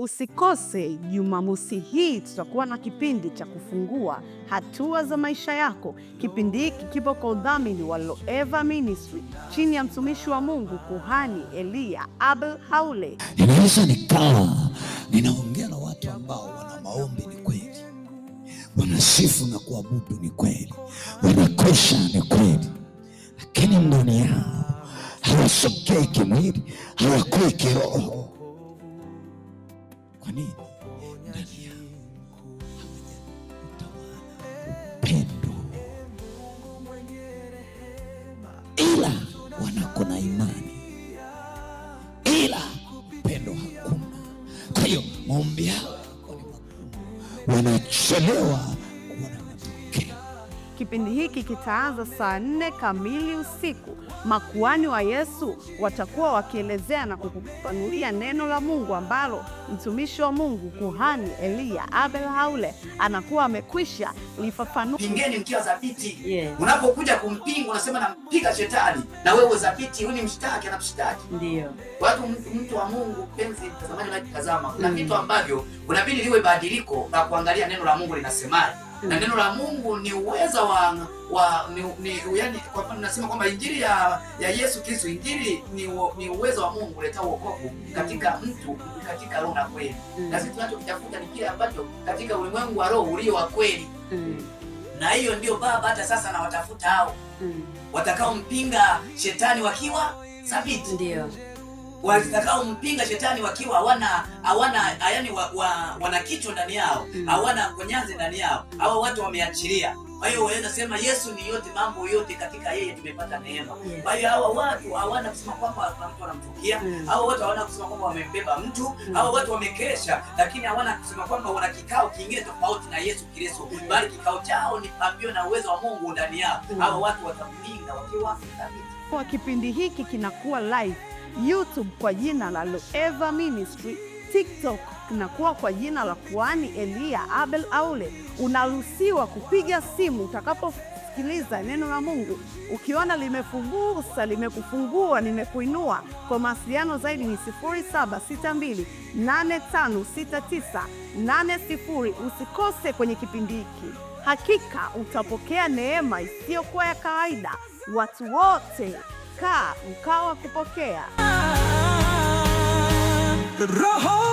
Usikose Jumamosi hii, tutakuwa na kipindi cha kufungua hatua za maisha yako. Kipindi hiki kipo kwa udhamini wa Loeva Ministry chini ya mtumishi wa Mungu kuhani Eliya Abel Haule. Inaweza nikawa ninaongea na watu ambao wana maombi, ni kweli, wanasifu na kuabudu, ni kweli, wanakosha, ni kweli, lakini ndani yao hawasokei kimwili, hawakui kiroho kwa nini? Ndani yao upendo, ila wanako na imani, ila upendo hakuna. Kwa hiyo maombi yao wanachelewa Kipindi hiki kitaanza saa nne kamili usiku. makuani wa Yesu watakuwa wakielezea na kukupanulia neno la Mungu ambalo mtumishi wa Mungu kuhani Eliya Abel Haule anakuwa amekwisha lifafanua. Pingeni mkiwa zabiti. yeah. Unapokuja kumpinga unasema nampiga shetani, na wewe zabiti, huyu ni mshtaki, anamshtaki. Ndio watu, mtu wa Mungu, penzi mtazamaji, unatazama kuna mm. vitu ambavyo unabidi liwe badiliko na kuangalia neno la Mungu linasemaje na neno la Mungu ni uweza wa, wa ni, ni, yani, kwa mfano nasema kwamba injili ya, ya Yesu Kristo injili ni, ni uwezo wa Mungu kuleta uokovu katika mtu katika roho na kweli mm. na sisi tunachokitafuta ni kile ambacho katika ulimwengu wa roho ulio wa kweli mm. na hiyo ndio Baba hata sasa nawatafuta hao mm. watakaompinga shetani wakiwa thabiti ndio mpinga shetani wakiwa hawana hawana yani wa, wa, wana kichwa ndani yao mm. hawana konyanze ndani yao, hao watu wameachilia. Kwa hiyo waweza sema Yesu ni yote, mambo yote katika yeye tumepata neema. Kwa hiyo hawa watu hawana kusema kwamba mtu anamtukia, mm. hawa watu hawana kusema kwamba wamembeba mtu, mm. hawa watu wamekesha, lakini hawana kusema kwamba wana kikao kingine tofauti na Yesu Kristo, bali kikao chao ni pambio na uwezo wa Mungu ndani yao. Hawa watu watampinga wakiwa kwa kipindi hiki kinakuwa live YouTube kwa jina la Loeva Ministry, TikTok na kuwa kwa jina la Kuhani Eliya Abel Haule. Unaruhusiwa kupiga simu utakaposikiliza neno la Mungu, ukiona limefungusa, limekufungua, limekuinua. Kwa mawasiliano zaidi ni 0762856980. Usikose kwenye kipindi hiki, hakika utapokea neema isiyokuwa ya kawaida. Watu wote Kaa mkao wa kupokea roho